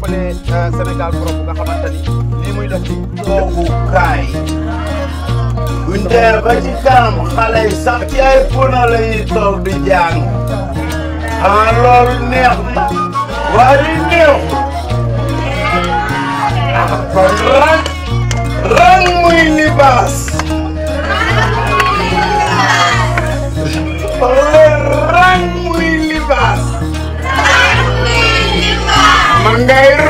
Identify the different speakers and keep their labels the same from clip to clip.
Speaker 1: jàppale euh, Sénégal Prod bu muy def ci toogu kaay. buñ dee ba ci kanam xale yi sax ci ay pono la ñuy toog di jàng. ah loolu neex na. waa li neex. ah kon rang. muy libaas. Gamer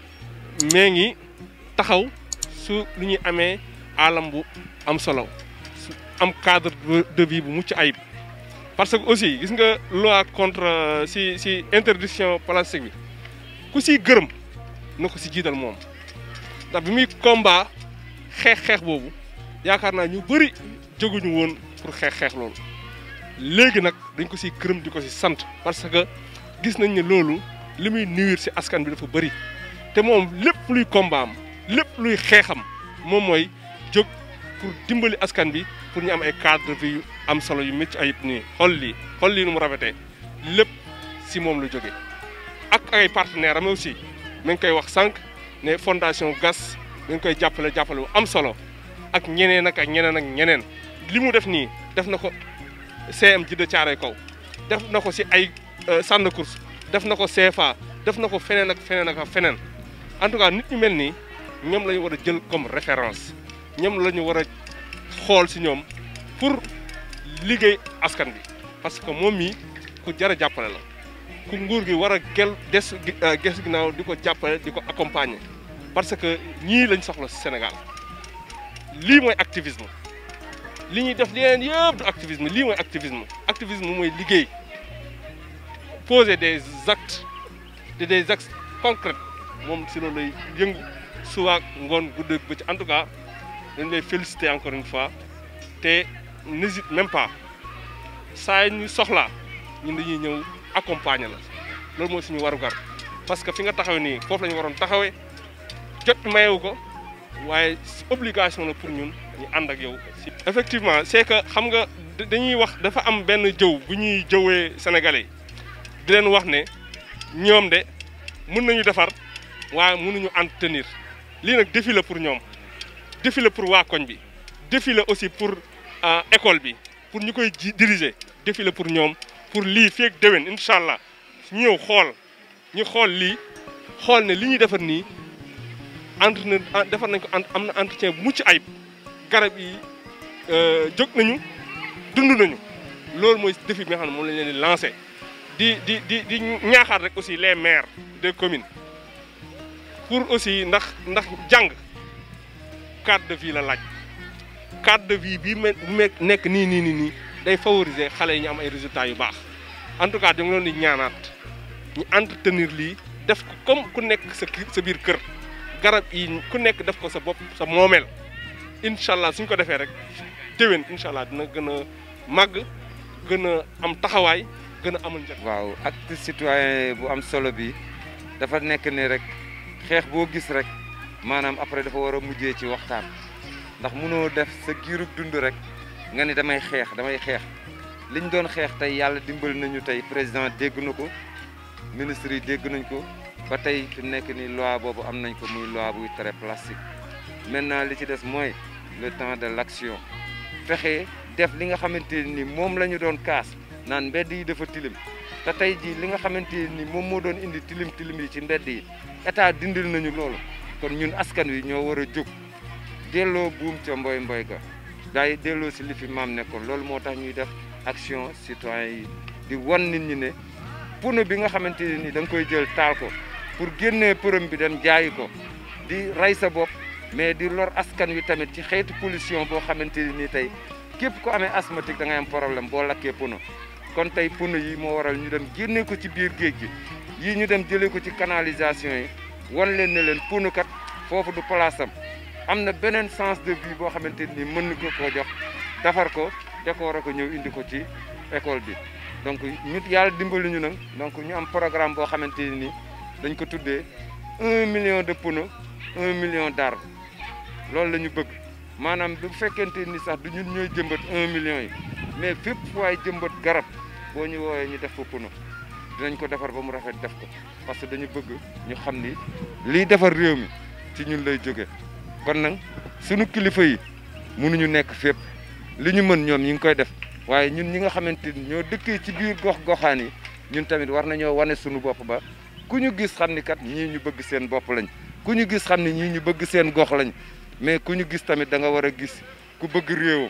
Speaker 2: mee ngi taxaw su lu ñuy amee alam bu am solo am cadre de vie bu mucc ayib parce que aussi gis nga loi contre euh, si si interdiction plastique bi ku siy gërëm na ko si jiital moom ndax bi muy combat xeex-xeex boobu yaakaar naa ñu bëri jóguñu woon pour xeex-xeex loolu léegi nag dañ ko siy gërëm di ko si sant parce que gis nañ ni loolu li muy nuire si askan bi dafa bëri te moom lépp luy combat lépp luy xeexam moom mooy jóg pour dimbali askan bi pour ñu am ay cadre de yu am solo yu métti ayib nii xool lii nu mu rafetee lépp si moom la jóge ak ay partenaire am aussi mi ngi koy wax sànq ne fondation gas mi koy jàppale jàppale bu am solo ak ñeneen ak ak ñeneen ak ñeneen li mu def nii def na ko CM ji de Caaroy kaw def na ko si ay euh, sànn course def na ko CFA def na ko feneen ak feneen ak feneen en tout cas nit ñu melni ñom lañu wara a jël comme référence ñom lañu wara xol ci ñom pour liggéey askan bi parce que moom ku jara jappalé la ku nguur gi wara gel des gess euh, ginaaw di ko diko di ko accompagner parce que ñi lañ soxla ci Sénégal li moy activisme li ñi def leen yëpp du activisme li moy activisme activisme moy liggéey poser des actes des actes concrets moom si loolu lay yëngu suba ak ngoon guddeeg bëccëg en tout cas dañ lay féliciter encore une fois te n'hésite même pas saa ñu soxlaa ñun dañuy ñëw accompagner la loolu mooy suñu warugar parce que fi nga taxawe nii foofu la ñu waroon taxawee jot mayewu ko waaye obligation la pour ñun ñu ànd ak yow. effectivement c'est que xam nga dañuy wax dafa am benn jëw bu ñuy jëwee sénégalais di leen wax ne ñoom de mën nañu defar. Nous mënuñu entretenir Nous défi la pour nous, défi pour Wa koñ aussi pour l'école, euh, pour nous diriger défi pour nous, pour pour nous. ak nous nous nous. nous xool ñu Nous Nous ne li ah, entretien euh, défi aussi les maires des communes pour aussi ndax ndax jang carte de vie la laaj carte de vie bi nek ni ni ni day favoriser xalé ñi am ay résultats yu baax en tout cas dañu nga leen di ñaanaat ñu entretenir li def ko comme ku nek sa sa bir kër garab yi ku nek def ko sa bop sa momel inshallah suñ ko defee rek déwén inshallah dina gëna mag gëna am taxaway gëna amul jëf waaw acte
Speaker 3: citoyen bu am solo bi dafa nek ni rek xex bo gis rek manam après dafa wara mujjé ci waxtan ndax mëno def sa giirug dund rek nga ni damay xex damay xex liñ doon xex tay yalla dimbal nañu tay président dégg na ministre yi dégg nañ ko ba tay fi nek ni loi bobu am nañ ko muy loi bu très plastique maintenant li ci moy le temps de l'action fexé def li nga xamanteni ni lañu doon kaas nan mbedd dafa tilim te tey jii li nga xamante ni moom moo doon indi tilim tilim yi ci mbedd yi état dindil nañu loolu kon ñun askan wi ñoo war a jóg delloo buum ca mboy mboy ga daay delloo si li fi ne nekkoon loolu moo tax ñuy def action citoyen yi di wan nit ñi ne pono bi nga xamante ni da nga koy jël taal ko pour génnee përëm bi dem jaayi ko di rey sa bopp mais di lor askan wi tamit ci xeetu pollution boo xamante ni tey képp ku amee asthmatique da ngay am problème boo lakkee pono kon tey pneu yi moo waral ñu dem génne ko ci biir géej gi yii ñu dem jëlee ko ci canalisation yi wan leen ne leen pneu kat foofu du place am na beneen sens de vie boo xamante ni mën na ko jox defar ko décorer ko ñëw indi ko ci école bi donc ñu yàlla dimbali ñu nag donc ñu am programme boo xamante ni dañ ko tuddee un million de pneus un million d'arbres loolu la ñu bëgg maanaam bu fekkente ni sax du ñu ñooy jëmbat un million yi mais fepp way jëmbat garab bo ñu woowee ñu def ko pono dinañ ko défar ba mu rafet def ko parce que dañu bëgg ñu xam ni liy réew mi ci ñun lay joggé kon nak sunu kilifa yi ñu nekk fepp li ñu mën ñom ñi ngi koy def waye ñun ñi nga xamanteni ni dëkk ci biir gox goxani ñun tamit war nañu wane sunu bop ba ku ñu gis xamni kat ñi ñu bëgg seen bop lañ ku ñu gis xamni ni ñu bëgg seen gox lañ mais ku ñu gis tamit da nga wara gis ku bëgg réewam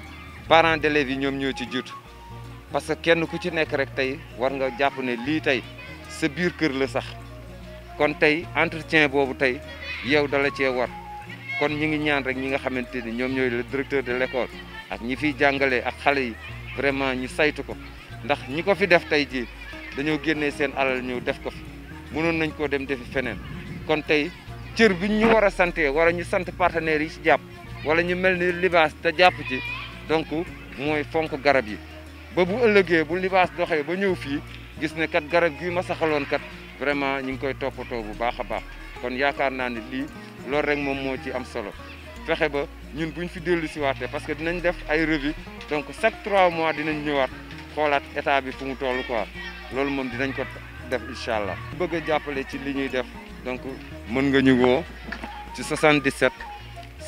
Speaker 3: parents d'élèves yi ñoom ñoo ci jiitu parce que kenn ku ci nekk rek tey war nga jàpp ne lii tey sa biir kër la sax kon tey entretien boobu tey yow dala cee war kon ñi ngi ñaan rek ñi nga xamante ni ñoom ñooy le directeur de l'école ak ñi fiy jàngalee ak xale yi vraiment ñu saytu ko ndax ñi ko fi def tey jii dañoo génne seen alal ñëw def ko fi mënoon nañ koo dem defi feneen kon tey cër bi ñu war a sante wala ñu sant partenaires yi ci jàpp wala ñu mel ni libaas te jàpp ci donc moy fonk garab yi ba bu ëllëgé bu libaas doxé ba ñëw fi gis né kat garab gi ma saxaloon kat vraiment ñing koy topoto bu baaxa baax kon yaakaar na ni li loolu rek mom mo ci am solo fexé ba ñun buñ fi déllu ci waatee parce que dinañ def ay revue donc chaque 3 mois dinañ ñëwaat xolaat état bi fu mu tollu quoi loolu mom dinañ ko def inshallah bëgg jappalé ci li ñuy def donc mën nga ñu wo ci 77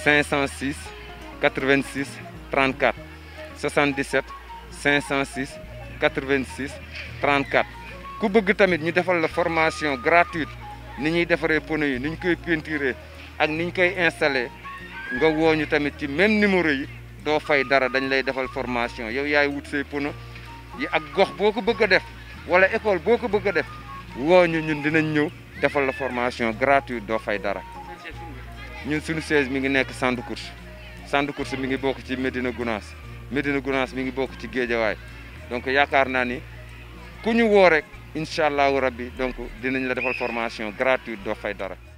Speaker 3: 506. 86 34 77 506 86 34 Si vous tamit ñu la formation gratuite ni pouvez defaree pneu yi ni ñu koy peinturer ak ni koy installer nga tamit ci même numéro yi vous fay dara dañ formation yow yaay wut say pneu yi ak gox boko bëgg def wala école boko bëgg def ñun dinañ ñëw la formation gratuite do fay dara ñun suñu siège mi ngi nekk Sande Course mi ngi bokk ci Médina Gounass Médina Gounass mi ngi bokk ci Géejawaay donc yaakaar naa ni ku ñu woo rek incha allahu rabbi donc dinañ la defal formation gratuite doo fay dara.